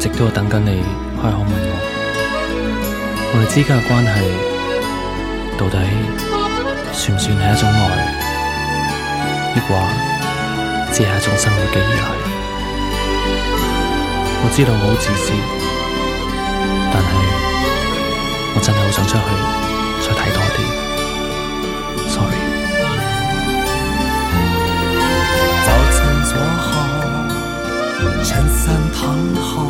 一直都等緊你開口問我，我哋之間嘅關係到底算唔算係一種愛？抑或，只係一種生活嘅依賴。我知道我好自私，但係我真係好想出去再睇多啲。Sorry、嗯。早餐做好，襯衫燙好。